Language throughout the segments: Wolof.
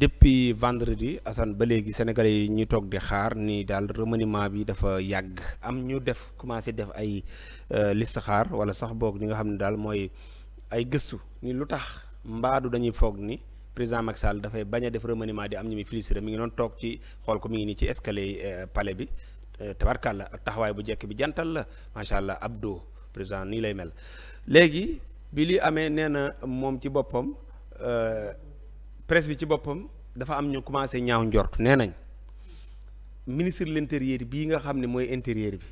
depuis vendredi Assane ba léegi sénégal yi ñu toog di xaar nii daal remaniement bi dafa yàgg am ñu def commencé def ay euh, listixaar wala sax boog ñi nga xam ne daal mooy ay gëstu ni lu tax mbaadu dañuy foog ni président Macky Sall dafay bañ a def remaniement di am ñu muy félicité mi ngi doon toog ci xool ko mi ngi nii ci escalier euh, pale bi euh, tabarkàlla ak taxawaay bu jekk bi jantal la macha allah Abdou président nii lay mel léegi bi li amee nee na moom ci boppam. presse bi ci boppam dafa am ñu commencé ñaaw njort nee nañ ministre de l'intérieur bii nga xam ne mooy intérieur bi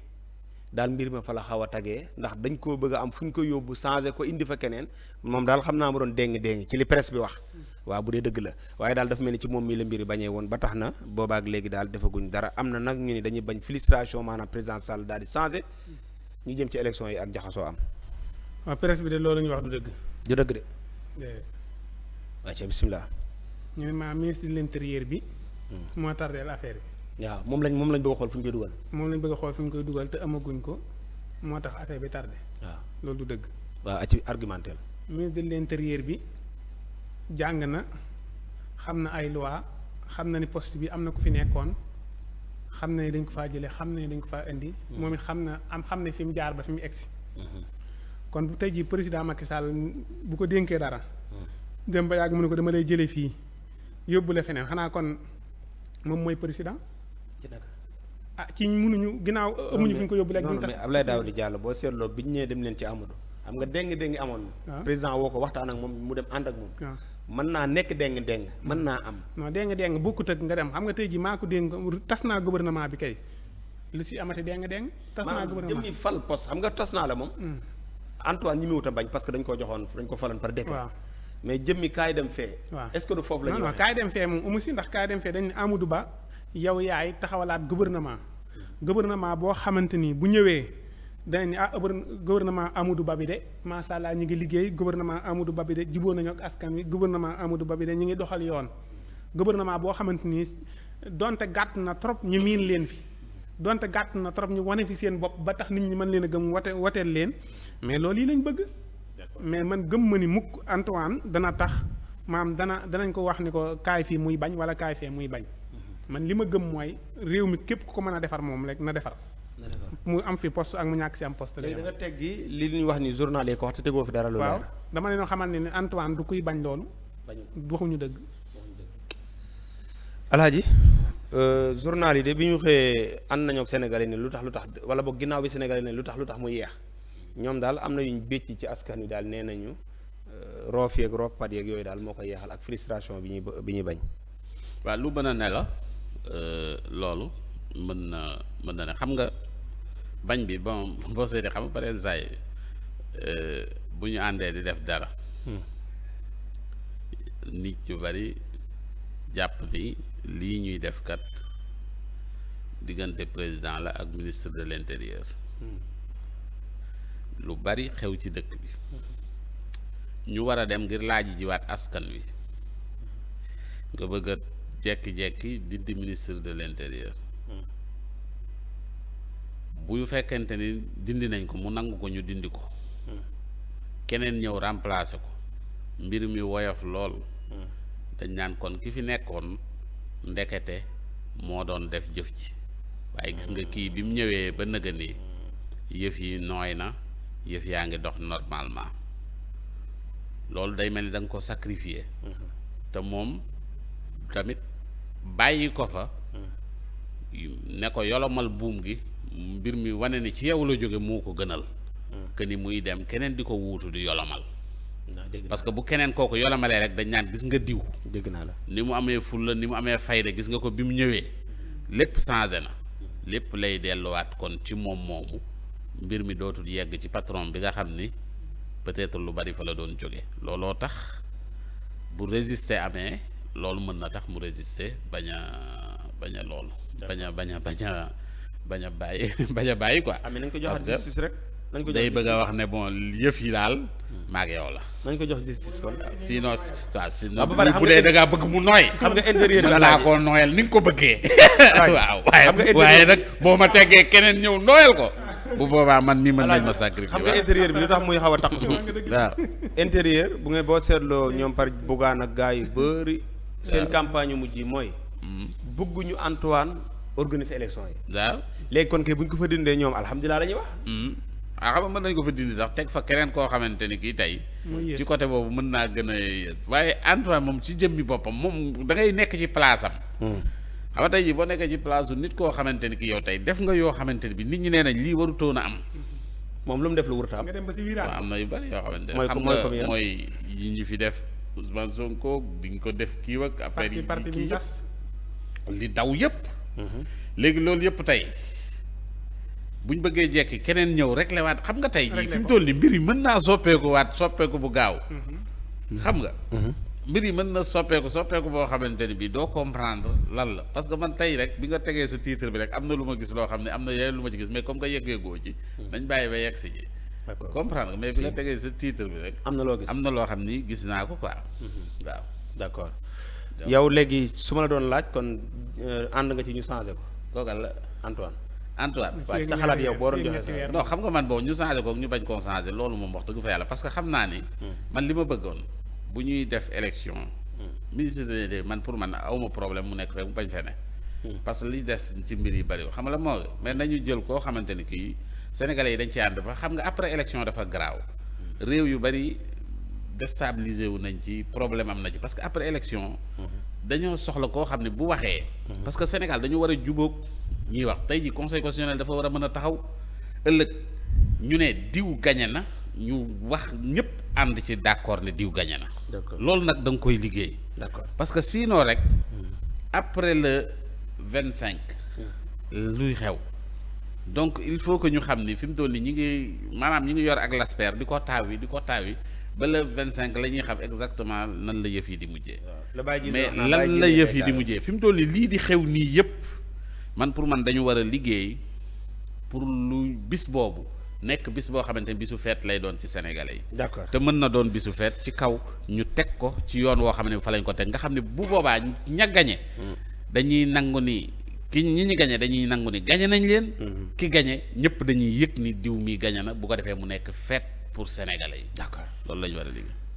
daal mbir ma fa la xaw a tagee ndax dañ koo bëgg am fu ñu ko yóbbu changé ko indi fa keneen moom daal xam naa ma doon déng déng ci li presse bi wax waa bu dee dëgg la waaye daal dafa mel ni ci moom mii la mbiri bañee woon ba tax na ak léegi daal defaguñ dara am na nag ñu ne dañuy bañ frustration maanaam président Sall daal di changé ñu jëm ci élection yi ak jaxasoo am waaw bi de loolu ñu wax du dëgg du dëgg de eh. ñu ma ministre leen l'intérieur bi. Hmm. moo tardeel affaire bi. waaw moom lañ moom lañ bëgg xool fu ñu koy dugal. moom lañ bëgg a xool fu ñu koy dugal te amaguñ ko moo tax affaire bi tardé. waaw loolu du dëgg. waaw ci argumentaire. ministre leen l'intérieur bi jàng na xam na ay loi xam na ni post bi am na ku fi nekkoon xam na ni dañ ko faa jëlee xam na ni dañ ko faa indi. Hmm. moom it xam na am xam ne fi mu jaar ba fi mu egsi. Hmm. kon bu tey jii président Macky Sall bu ko dénkee dara. dem ba yàgg mu ne ko dama lay jëlee fii. yóbbu la feneen xanaa kon moom mooy président. ah ci munuñu ginnaaw euh, amuñu fu ñu ko yóbbu léegi. non mais Abdoulaye Daouda Diallo boo seetloo bi ñu nee leen ci Amadou. xam nga déng-déng amoon na. Ah. président ko waxtaan ak moom mu dem ànd ak moom. Ah. mën naa nekk déng-déng mën naa am. non déng-déng bokkut ak nga dem xam nga tey jii maa ko déng tas naa gouvernement bi kay. lu si amati déng-déng. tas naa gouvernement jëm fal poste xam tas naa la moom. Hmm. Antoine ñi mu wut a bañ parce que dañ ko joxoon dañ ko faloon par décret. mais jëmmi kaay dem fee. waa est-ce que du foofu la ñuy non non dem fee moom amu si ndax kaay dem fee dañ ne Ba yow yaay taxawalaat gouvernement. gouvernement boo xamante ni bu ñëwee dañ ne ah gouvernement Amadou Ba bi de macha allah ñu ngi liggéey gouvernement Amadou Ba bi de jubóo nañu ak askan wi gouvernement Amadou Ba bi de ñu ngi doxal yoon. gouvernement boo xamante ni donte gàtt na trop ñu miin leen fi donte gàtt na trop ñu wane fi seen bopp ba tax nit ñi mën leen a gëm wote woteel leen mais loolu yi lañ bëgg. mais man gëm ma ni mukk Antoine dana tax maam dana danañ ko wax ni ko kaay fii muy bañ wala kaay fee muy bañ mhm. man li ma gëm mooy réew mi képp ku ko mën a defar moom rek na defar. mu am fi post ak mu ñàkk si am poste. léegi da nga teggi li ñuy wax ni journal yi ko wax te tegoo fi dara. loolu waaw ne leen xamal ne ni Antoine du kuy bañ loolu. waxuñu dëgg. alaaji euh, journal yi de bi ñu xëyee ànd nañoo ak Sénégalais ne lu tax lu tax wala boo ginnaaw bi Sénégalais ne lu tax lu tax mu yeex ñoom daal am na yuñ bécc ci askan wi daal nee nañu euh, roof yeeg roppat yeeg yooyu daal moo ko yeexal ak frustration bi ñuy bi ñuy bañ. waaw lu mën a ne la euh, loolu mën na mën na ne xam nga bañ bi bon boo seetee xam nga par exemple euh, bu ñu àndee di def dara. Hmm. nit ñu bari jàpp ni lii ñuy def kat diggante président la ak ministre de l'intérieur. Hmm. lu bari xew ci dëkk bi ñu war a dem ngir laaj jiwaat askan wi nga bëgg a jekki-jekki dindi ministre de l'intérieur bu fekkente ni dindi nañ ko mu nangu ko ñu dindi ko keneen ñëw remplacer ko mbir mi woyof lool dañ naan kon ki fi nekkoon ndekete moo doon def jëf ji waaye gis nga kii bi ñëwee ba nëga yëf yi nooy na yëf yaa ngi dox normalement loolu day mel ni da ko sacrifier mm-hmm. te moom tamit bàyyi ko fa mm-hmm. ne ko yolomal buum gi mbir mi wane ni ci yow la jóge moo ko gënal que mm-hmm. ni muy dem keneen di ko wuutu di yolomal parce que bu keneen kooku yolomalee rek dañ naan gis nga diw dégg naa la ni mu amee fulla ni mu amee fayda gis nga ko bi mu ñëwee lépp changé na lépp lay delluwaat kon ci moom moomu mbir mi dootul yegg ci patron bi nga xam ni peut-être lu bari fa la doon jóge looloo tax bu résister amee loolu mën na tax mu résister bañ a bañ a loolu bañ a bañ a bañ a bañ a bàyyi bañ a bàyyi quoi ah, parce que rek day bëgg a wax ne bon yëf yi daal hmm. maag yow la. nañ ko jox justice kon. Ah, sinon waaw sinon bu dee da ngaa bëgg mu nooy. xam nga intérieur bi laa koo nooyal ni nga ko bëggee. waaw waaye waaye nag boo ma teggee keneen ñëw nooyal ko. bu boobaa man mii ma nañ ma sacrifier xam nga intérieur bi lu tax muy xaw a waaw intérieur bu ngeen boo seetloo ñoom par buggaan ak gars yu bëri seen campagne yu mujj yi mooy mm. bëgguñu Antoine organiser élection yi waaw léegi kon kay bu ñu ko fa dindee ñoom alhamdulilah la ñuy wax mm. ah xam nga mën nañu ko fa dindi sax teg fa keneen koo xamante ni kii tey ci côté boobu mën naa gën a waaye Antoine moom ci jëmmi boppam moom da ngay nekk ci place am mm. xam nga tey jii boo nekkee ci place nit koo xamante ni ki yow tey def nga yoo xamante ni bi nit ñi nee nañ lii warutoon a am. moom lu def lu am. dem ba si virage am na yu bëri yoo xamante ne. xam nga mooy yi ñu fi def Ousmane Sonko di nga ko def kii ak affaire yi kii li daw yëpp. Mhm. léegi loolu yëpp tey bu ñu bëggee jekk keneen ñëw rek la waat xam nga tey jii fi mu mbir yi mën naa soppeeku waat soppeeku bu gaaw. Mhm. xam nga. Mhm. mbir yi mën na soppeeku soppeeku boo xamante ni bii doo comprendre lan la parce que man tey rek bi nga tegee sa tiitre bi rek am na lu ma gis loo xam ne am na yeneen lu ma gis mais comme que yeggeegoo ci. Hmm. nañ bàyyi ba yegg si ji. comprendre mais bi nga tegee sa am na loo am na loo xam ni gis naa ko quoi. Hmm. waaw d' yow léegi su ma la doon laaj kon euh, ànd nga ci ñu changé ko. kooku la Antoine. Antoine waaye sa xalaat yow boo doon joxe non xam nga man boobu ñu changé ko ñu bañ koo changé loolu moom wax dëgg fa yàlla parce que xam naa ni. Hmm. man li ma bëggoon. bu ñuy def élection. Hmm. ministre de man pour man awma problème mu nekk fee mu bañ fee ne. Hmm. parce que li des ci mbir yi bëriwul xam nga la moo mais nañu jël koo xamante ni kii sénégalais yi dañ ci ànd fa xam nga après élection dafa garaaw. Hmm. réew yu bëri déstabilisé wu nañ ci problème am na ci parce que après élection. dañoo soxla koo xam ne bu waxee. parce que Sénégal dañu war a jubóog ñuy wax tey ji conseil constitutionnel dafa war a mën a taxaw ëllëg ñu ne diw gañe na ñu wax ñëpp ànd ci d'accord ne diw gañe na. loolu nag da nga koy liggéey. d'accord parce que sinon rek. Hmm. après la vingt cinq. Hmm. luy xew. donc il faut que ñu xam ni fi mu toll nii ñi ngi maanaam ñi ngi yor ak l'asper di ko taaw yi di ko taaw yi ba le vingt cinq la ñuy xam exactement nan la yëf yi di mujjee. mais lan la yëf yi di mujjee fi mu toll nii lii di xew nii yépp man pour man dañu war a liggéey pour lu bis boobu. nekk bis boo xamante ni bisu feet lay doon ci sénégalais yi. d'accord te mën na doon bisu feet ci kaw ñu teg ko ci yoon woo xam ne fa lañ ko teg nga xam ne bu boobaa ña gañe dañuy nangu ni ki ñi ñu gañe dañuy nangu ni gañe nañ leen. Mm-hmm. ki gañe ñëpp dañuy yëg ni diw mi gañe na bu ko defee mu nekk feet pour sénégalais yi. d'accord loolu la ñu war a liggéey